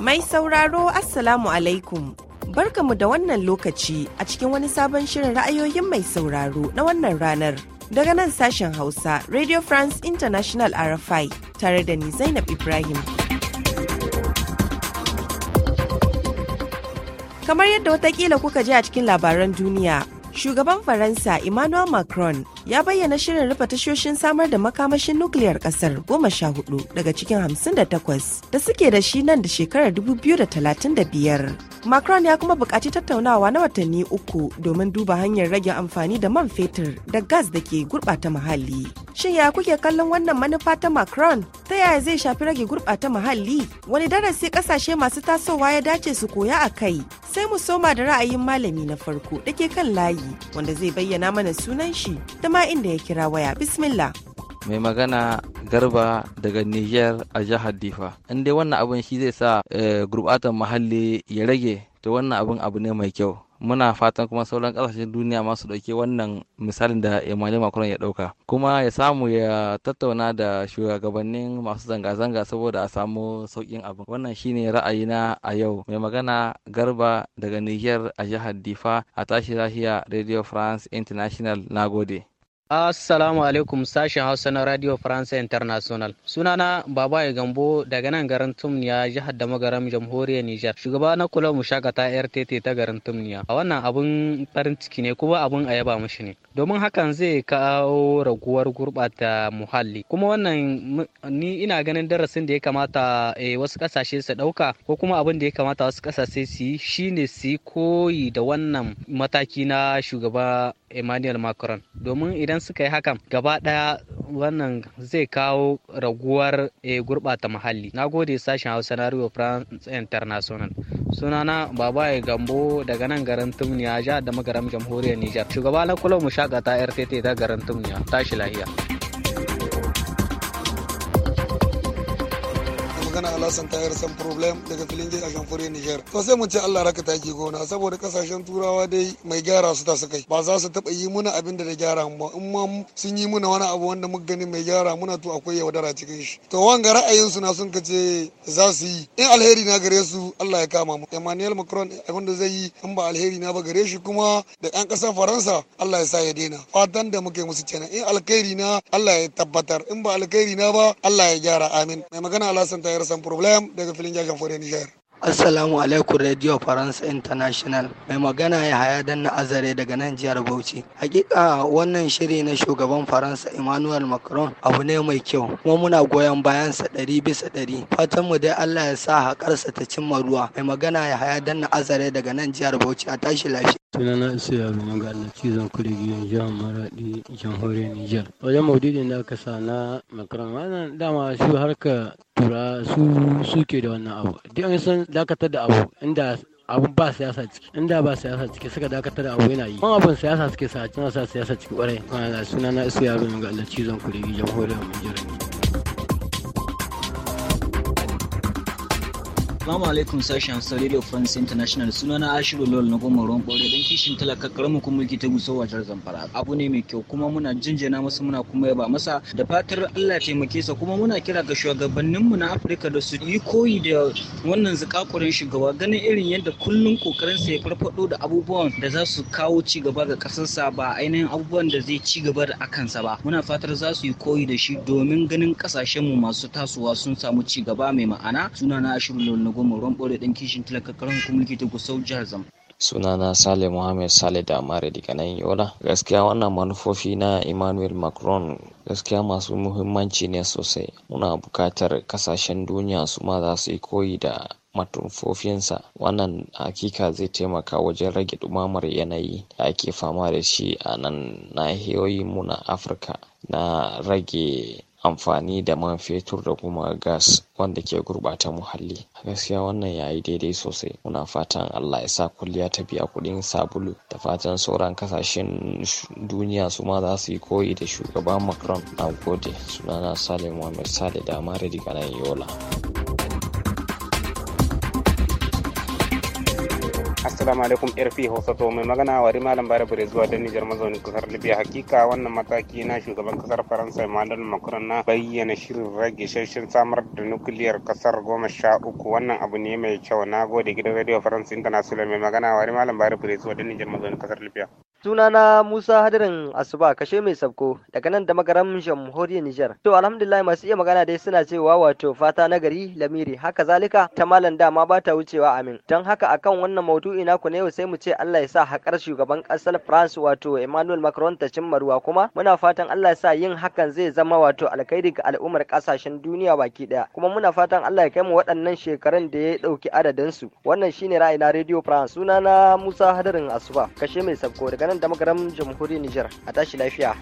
Mai sauraro Assalamu alaikum. Barkamu da wannan lokaci a cikin wani sabon shirin ra'ayoyin mai sauraro na wannan ranar. Daga nan sashen Hausa, Radio France International RFI tare da ni Zainab Ibrahim. Kamar yadda watakila kuka ji a cikin labaran duniya, shugaban Faransa Emmanuel Macron ya bayyana shirin rufe tashoshin samar da makamashin nukiliyar kasar goma sha hudu daga cikin hamsin da takwas da suke da shi nan da shekarar dubu biyu da talatin da biyar. Macron ya kuma buƙaci tattaunawa na watanni uku domin duba hanyar rage amfani da man fetur da gas da ke gurɓata muhalli. Shin ya kuke kallon wannan manufa ta Macron? Ta yaya zai shafi rage gurɓata muhalli? Wani darasi ƙasashe masu tasowa ya dace su koya a kai? Sai mu soma da ra'ayin malami na farko da ke kan layi wanda zai bayyana mana sunan shi da ma inda ya kira waya bismillah mai magana garba daga niger a jihar difa inda wannan abin shi zai sa eh, gurbatan muhalli ya rage to wannan abin abu ne mai kyau muna fatan kuma sauran kasashen duniya masu dauke wannan misalin da emmanuel macron ya dauka kuma ya samu ya tattauna da shugabannin masu zanga-zanga saboda a samu saukin abin wannan shine ra'ayina a yau mai magana garba daga niger a jihar difa a tashi lahiya radio france international nagode Assalamu alaikum sashen Hausa na Radio France International. Sunana Babaye Gambo daga nan garin Tumniya jihar da magaram jamhuriyar Nijar. Shugaba na kula mu shakata RTT ta garin Tumniya. A wannan abun farin ciki ne kuma abun a yaba mashi ne. domin hakan zai kawo raguwar gurɓata muhalli kuma wannan ni ina ganin darasin da ya kamata eh, wasu ƙasashe su ɗauka ko kuma abin da ya kamata wasu ƙasashe su yi shine su koyi da wannan mataki na shugaba emmanuel macron domin idan suka yi hakan gaba ɗaya wannan zai kawo raguwar eh, gurɓata muhalli na gode sashen hausa na france international sunana babaye gambo daga nan garin tumniya jihar da magaram jamhuriyar nijar shugaba na kula mu shagata rtt ta garin tumniya tashi lahiya magana lasan Tayar San Problem daga filin jirgin fure Nijar. To sai mun ce Allah raka taki gona saboda kasashen turawa dai mai gyara su ta su kai. Ba za su taɓa yi muna abin da da gyara mu ba. In ma sun yi muna wani abu wanda muka gani mai gyara muna to akwai yaudara cikin shi. To wanga ra'ayin su na sun kace za su yi. In alheri na gare su Allah ya kama mu. Emmanuel Macron abin da zai yi in ba alheri na ba gare shi kuma da ɗan ƙasar Faransa Allah ya sa ya daina. Fatan da muke musu kenan. In alkhairi na Allah ya tabbatar. In ba alkhairi na ba Allah ya gyara amin. Mai magana Alhassan Tayar sans problème daga filin fure Niger. Assalamu alaikum Radio France International. Mai magana ya haya dan na azare daga nan jihar Bauchi. Hakika wannan shiri na shugaban Faransa Emmanuel Macron abu ne mai kyau kuma muna goyon bayan sa ɗari bisa ɗari. Fatan mu dai Allah ya sa haƙarsa ta cimma ruwa. Mai magana ya haya dan na azare daga nan jihar Bauchi a tashi lafiya. sunana isa yaro na ga Allah cizon kurigiyar jihar maradi jamhuriyar niger wajen maudidin da aka sa na makaran wannan dama shi harka tura su suke da wannan abu duk an san dakatar da abu inda abun ba siyasa ciki inda ba siyasa ciki suka dakatar da abu yana yi kuma abun siyasa suke sa a sa siyasa ciki kwarai sunana isa yaro na ga Allah cizon kurigiyar jamhuriyar niger Assalamu alaikum sashen Saudi Radio France International Suna na Ashiru Lol na goma ruwan bore don kishin talaka karamu kuma mulki ta guso wajar Zamfara. Abu ne mai kyau kuma muna jinjina masa muna kuma yaba masa da fatar Allah taimake sa kuma muna kira ga shugabanninmu na Afirka da su yi koyi da wannan zakakurin shugaba ganin irin yadda kullum kokarin sa ya farfado da abubuwan da za su kawo ci gaba ga kasarsa ba ainihin abubuwan da zai ci gaba da sa ba. Muna fatar za su yi koyi da shi domin ganin kasashen mu masu tasowa sun samu ci gaba mai ma'ana na Ashiru Lol goma ruwan bore ɗan kishin talakakar hukumar mulki ta gusau jihar zam. sunana sale mohammed sale da amare daga nan yola gaskiya wannan manufofi na emmanuel macron gaskiya masu muhimmanci ne sosai muna bukatar kasashen duniya su ma za su yi koyi da matumfofinsa. wannan hakika zai taimaka wajen rage dumamar yanayi da ake fama da shi a nan nahiyoyinmu na afirka na rage amfani da man fetur da kuma gas wanda ke gurɓata muhalli a gaskiya wannan ya yi daidai sosai muna fatan allah ya sa kulliya ta biya kuɗin sabulu da fatan sauran kasashen duniya su ma za su yi koyi da shugaban macron na gode sunana sale mai sale da amare daga nan yola assalamu alaikum rp hausa to mai magana wari malam bare bare zuwa da nijar mazaunin kasar libya hakika wannan mataki na shugaban kasar faransa emmanuel macron na bayyana shirin rage shashin samar da nukiliyar kasar goma sha uku wannan abu ne mai kyau na gode gidan radio faransa international mai magana wari malam bare bare zuwa da nijar mazaunin kasar libya sunana Musa Hadirin Asuba kashe mai sabko daga nan da makaram jamhuriyar Nijar. To alhamdulillah masu iya magana dai suna cewa wato fata na gari lamiri haka zalika ta malam dama ba ta wucewa amin. Don haka akan wannan maudu'i na ku yau sai mu ce Allah ya sa hakar shugaban kasar France wato Emmanuel Macron ta cimma ruwa kuma muna fatan Allah ya sa yin hakan zai zama wato alkhairi ga al'ummar kasashen duniya baki daya. Kuma muna fatan Allah ya kai mu waɗannan shekarun da ya ɗauki adadin su. Wannan shine ra'ayi na Radio France sunana Musa Hadirin Asuba kashe mai sabko daga nan da jamhuriyar Nijar a tashi lafiya.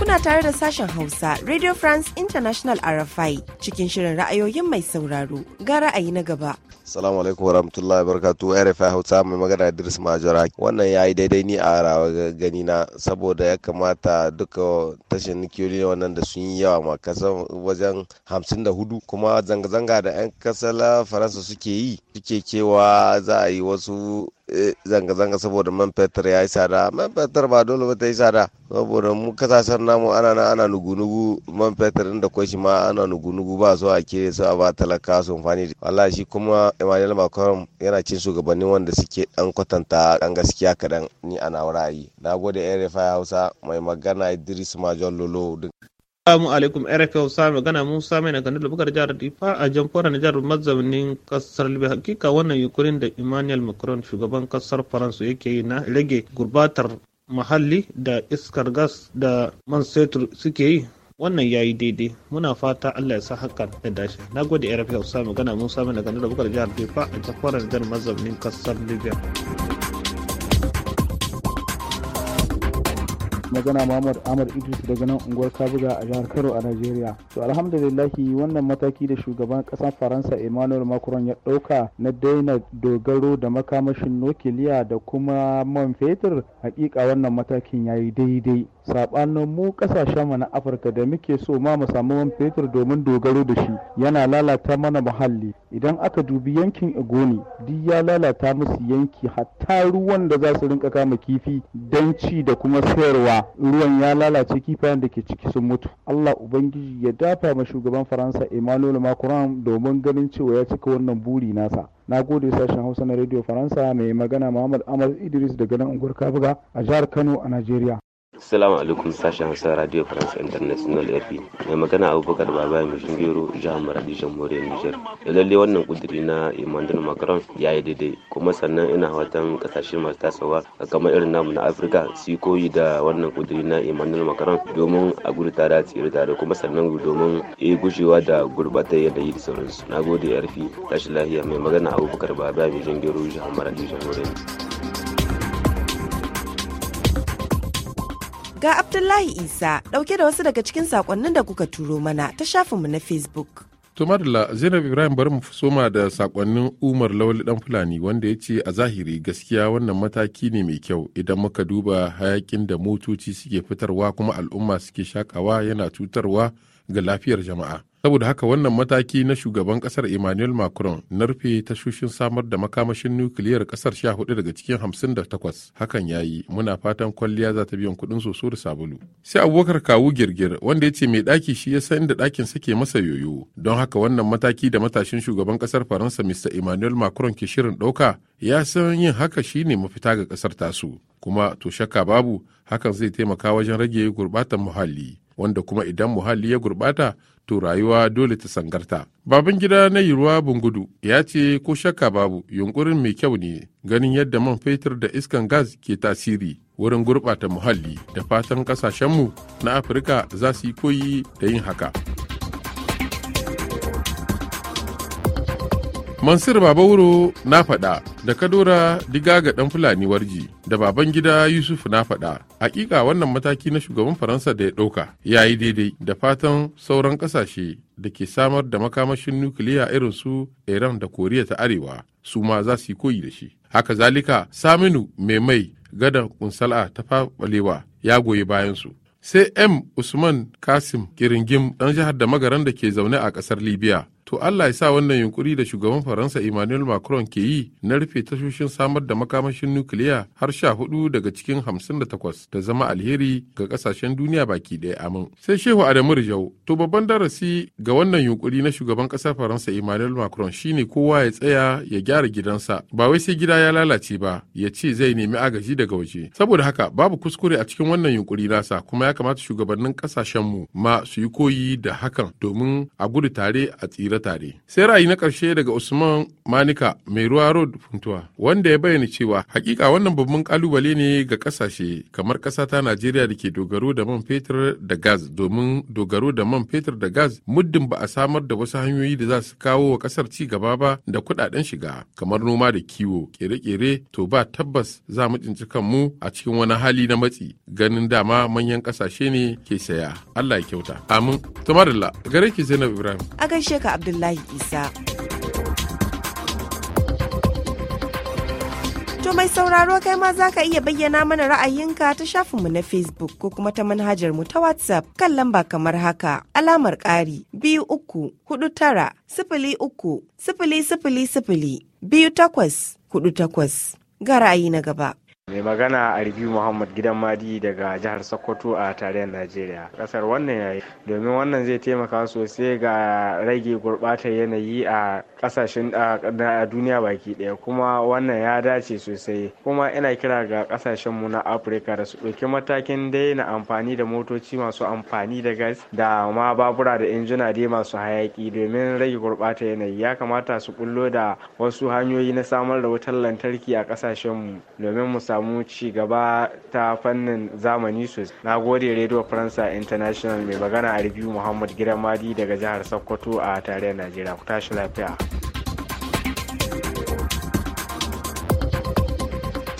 Kuna tare da sashen Hausa Radio France International RFI cikin shirin ra'ayoyin mai sauraro gara ayi na gaba. salamu alaikum warahmatullahi wabarakatuh RFI Hausa mai magana Idris Majora wannan ya yi daidai ni a rawa gani na saboda ya kamata duka tashin nikiyoyi ne wannan da sun yi yawa ma kasa wajen hamsin da hudu kuma zanga-zanga da 'yan kasar Faransa suke yi suke cewa za a yi wasu zanga-zanga saboda man fetur ya yi tsada man fetur ba dole ba ta yi tsada saboda mu kasashen namu ana na ana nugu-nugu man fetur inda kwai shi ma ana nugu-nugu ba so a su a ba talaka su amfani wallahi shi kuma Emmanuel Macron yana cin shugabanni wanda suke dan kwatanta dan gaskiya kadan ni ana wurare na gode RFI Hausa mai magana Idris Majon Lolo Assalamu alaikum RFA Hausa gana Musa mai nagani da bugar jihar Difa a jamfara na jihar mazaunin kasar Libya hakika wannan yukurin da Emmanuel Macron shugaban kasar Faransa yake yi na rage gurbatar muhalli da iskar gas da man setur suke yi wannan ya yi daidai muna fata Allah ya sa hakan da dashi na gode RFA Hausa gana Musa mai nagani da bugar jihar Difa a jamfara na jihar mazaunin kasar Libya. magana Muhammad Ahmad Idris daga nan unguwar Kabuga a jihar Kano a Najeriya. To alhamdulillahi wannan mataki da shugaban ƙasar Faransa Emmanuel Macron ya dauka na daina dogaro da makamashin nukiliya da kuma man fetur hakika wannan matakin yayi daidai. saɓanin mu mu na afirka da muke so ma mu samu man fetur domin dogaro da shi yana lalata mana muhalli idan aka dubi yankin igoni duk ya lalata musu yanki hatta ruwan da za su rinka kama kifi don ci da kuma sayarwa ruwan ya lalace kifayen da ke ciki sun mutu allah ubangiji ya dafa ma shugaban faransa emmanuel macron domin ganin cewa ya cika wannan buri nasa na gode sashen hausa na radio faransa mai magana muhammad Amadu idris daga nan unguwar kabuga a jihar kano a najeriya Assalamu alaikum sashen Hausa Radio France International RP. Mai magana Abubakar Baba mai shingero jihar Maradi Jamhuriyar Nijar. Da lalle wannan kudiri na Emmanuel Macron ya yi daidai kuma sannan ina watan kasashe masu tasowa a kamar irin namu na Afirka su koyi da wannan kudiri na Emmanuel Macron domin a gudu tare a tsere tare kuma sannan domin a gujewa da gurbatar yanayi da sauransu. Na gode RP tashi lahiya mai magana Abubakar Baba mai shingero jihar Maradi Jamhuriyar Nijar. Ga Abdullahi Isa ɗauke da wasu daga cikin sakonnin da kuka turo mana ta shafinmu na Facebook. To Zainab Ibrahim bari mu soma da sakonnin Umar Lawali dan Fulani wanda ya ce a zahiri gaskiya wannan mataki ne mai kyau idan muka duba hayakin da motoci suke fitarwa kuma al'umma suke shakawa yana cutarwa ga lafiyar jama'a. saboda haka wannan mataki na shugaban kasar emmanuel macron na rufe tashoshin samar da makamashin nukiliyar kasar sha hudu daga cikin hamsin da takwas hakan ya yi muna fatan kwalliya za ta biyan kudin soso da sabulu sai abubakar kawu girgir wanda ya ce mai daki shi ya san inda ɗakin sake masa yoyo don haka wannan mataki da matashin shugaban kasar faransa mr emmanuel macron ke shirin dauka ya san yin haka shine mafita ga kasar tasu kuma to shakka babu hakan zai taimaka wajen rage gurbatan muhalli wanda kuma idan muhalli ya gurbata to rayuwa dole ta sangarta. Baban gida na yiruwa bungudu ya ce ko shakka babu yunkurin mai kyau ne ganin yadda man fetur da iskan gas ke tasiri wurin gurbata muhalli da fatan kasashenmu na Afirka za su yi koyi da yin haka. Mansur Babawuro na faɗa da Kadora ga ɗan Fulani Warji da baban gida Yusuf na faɗa. Hakika wannan mataki na shugaban Faransa da ya ɗauka ya yi daidai da fatan sauran ƙasashe da ke samar da makamashin nukiliya irin su Iran da Koriya ta Arewa su ma za su yi koyi da shi. Haka zalika Saminu mai mai gadan kunsal'a ta faɓalewa ya goyi bayan su. Sai M. Usman Kasim Kiringim ɗan jihar da magaran da ke zaune a ƙasar Libya To Allah ya sa wannan yunkuri da shugaban Faransa Emmanuel Macron ke yi na rufe tashoshin samar da makamashin nukiliya har sha hudu daga cikin hamsin da takwas da zama alheri ga kasashen duniya baki ɗaya amin. Sai Shehu Adamu Rijau, to babban darasi ga wannan yunkuri na shugaban ƙasar Faransa Emmanuel Macron shine kowa ya tsaya ya gyara gidansa ba wai sai gida ya lalace ba ya ce zai nemi agaji daga waje. Saboda haka babu kuskure a cikin wannan yunkuri nasa kuma ya kamata shugabannin mu ma su yi koyi da hakan domin a gudu tare a tsira. tsira tare. Sai ra'ayi na ƙarshe daga Usman Manika mai ruwa road funtuwa wanda ya bayyana cewa hakika wannan babban kalubale ne ga kasashe kamar ƙasa ta Najeriya da ke dogaro da man fetur da gas domin dogaro da man fetur da gas muddin ba a samar da wasu hanyoyi da za su kawo wa ƙasar ci gaba ba da kuɗaɗen shiga kamar noma da kiwo kere-kere to ba tabbas za mu tsinci kanmu a cikin wani hali na matsi ganin dama manyan kasashe ne ke saya Allah ya kyauta amin tumarilla gare ki Zainab Ibrahim a gaishe ka Abdullahi Isa. To mai sauraro kai ma za ka iya bayyana mana ra'ayinka ta shafinmu na Facebook ko kuma ta manhajar mu ta WhatsApp kan lamba kamar haka alamar ƙari biyu uku hudu tara sifili uku sifili sifili sifili biyu takwas hudu takwas ga ra'ayi na gaba. mai magana a ribi muhammad gidan madi daga jihar sokoto a tarayyar najeriya kasar wannan yayi domin wannan zai taimaka sosai ga rage gurbatar yanayi a kasashen a duniya baki daya kuma wannan ya dace sosai kuma ina kira ga kasashen mu na afirka da su ɗauki matakin daina amfani da motoci masu amfani da gas da ma babura da injina dai masu hayaki domin rage gurbatar yanayi ya kamata su bullo da wasu hanyoyi na samar da wutar lantarki a kasashen mu domin mu samu ci gaba ta fannin zamani sosai na gode radio faransa international mai magana a review muhammad gidan madi daga jihar sokoto a tarayyar najeriya ku tashi lafiya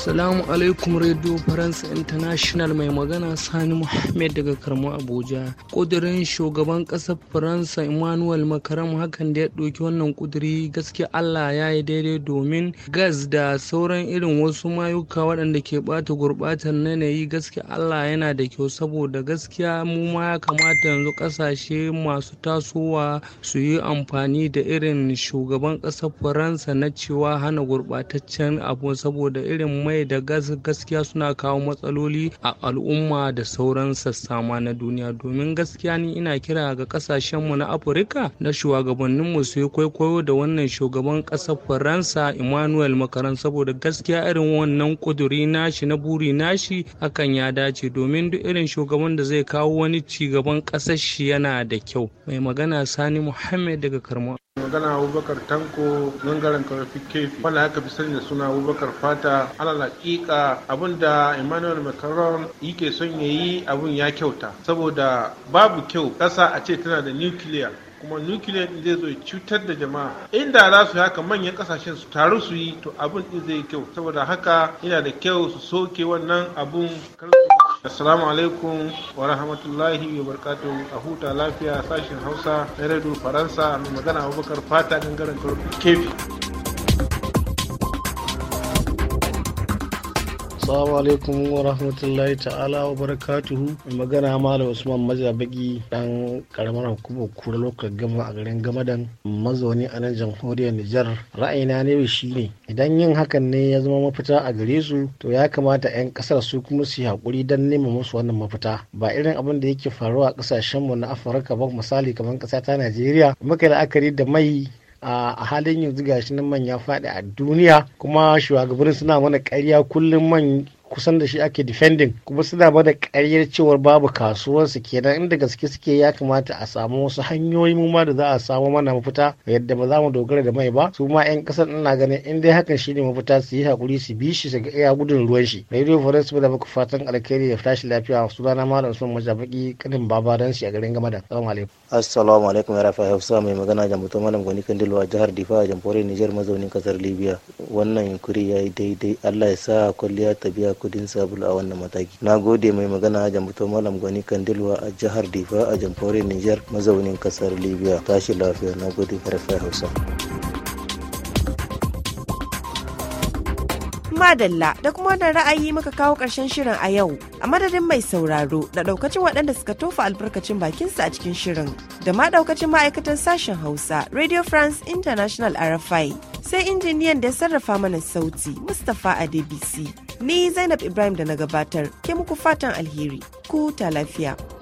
Salamu alaikum Radio Faransa International mai magana Sani Muhammad daga Karmo Abuja. Kudirin shugaban ƙasar Faransa Emmanuel Macron hakan da ya ɗauki wannan kudiri gaskiya Allah ya yi daidai domin gas da sauran irin wasu mayuka waɗanda ke ɓata gurɓatar yanayi gaskiya Allah yana da kyau saboda gaskiya mu ma ya kamata yanzu ƙasashe masu tasowa su yi amfani da irin shugaban ƙasar Faransa na cewa hana gurɓataccen abu saboda irin mai da gas gaskiya suna kawo matsaloli a al'umma da sauran sassama na duniya domin gaskiya ni ina kira ga kasashenmu na afirka na shugabanninmu su yi kwaikwayo da wannan shugaban ƙasar faransa emmanuel makaran saboda gaskiya irin wannan ƙuduri nashi na buri nashi hakan ya dace domin duk irin shugaban da zai kawo wani cigaban kasar shi yana da kyau mai magana sani muhammad daga karmo magana abubakar tanko gangaren karfi kefi wanda aka fi sani da suna abubakar fata alal hakika da emmanuel macron yake son ya yi abin ya kyauta saboda babu kyau ƙasa a ce tana da nukiliya kuma nukiliya zai zo ya cutar da jama'a inda za su haka manyan ƙasashen su taru su yi to abin din zai kyau saboda haka yana da kyau su soke wannan abun karfi assalamu alaikum wa rahmatullahi wa barkatu a huta lafiya sashen hausa na faransa mai magana abubakar fata gangaren kefi Assalamu alaikum wa rahmatullahi ta'ala wa barakatuhu. Magana Malam Usman Majabagi dan karamar hukumar kura lokacin gama a garin Gamadan mazauni a nan jamhuriyar Nijar. Ra'ayina ne shi ne idan yin hakan ne ya zama mafita a gare su to ya kamata 'yan kasar su kuma su yi hakuri dan nema musu wannan mafita. Ba irin abin da yake faruwa a kasashen mu na Afirka ba misali kamar ƙasa ta Najeriya muka la'akari da mai a halin yanzu gashi nan man ya faɗi a duniya kuma shugabannin suna mana ƙarya kullum man kusan da shi ake defending kuma suna ba da karyar cewar babu kasuwarsu kenan inda gaske suke ya kamata a samu wasu hanyoyi mu ma da za a samu mana mafita yadda ba za mu dogara da mai ba su ma 'yan kasar ina ganin in dai hakan shine mafita su yi hakuri su bi shi su ga iya gudun ruwan shi radio forest da muku fatan alkhairi da tashi lafiya sunana malam usman majabaki kanin babaran shi a garin gamadan assalamu alaikum assalamu alaikum ya rafa hafsa mai magana da mutum malam gwani a jihar difa a jamhuriyar niger mazaunin kasar libya wannan yunkuri ya yi daidai allah ya sa kwalliya ta biya kudin sabulu a wannan mataki na gode mai magana a fito malam gwani kan dilwa a jihar difa a jamhuriyar niger mazaunin kasar libya tashi lafiya na gode karfe hausa madalla da kuma wannan ra'ayi muka kawo ƙarshen shirin a yau a madadin mai sauraro da ɗaukacin waɗanda suka tofa albarkacin bakinsa a cikin shirin da ma ɗaukacin ma'aikatan sashen hausa radio france international rfi sai injiniyan da ya sarrafa mana sauti mustapha adebisi Ni Zainab Ibrahim da na gabatar, ke muku fatan alheri, ku ta lafiya.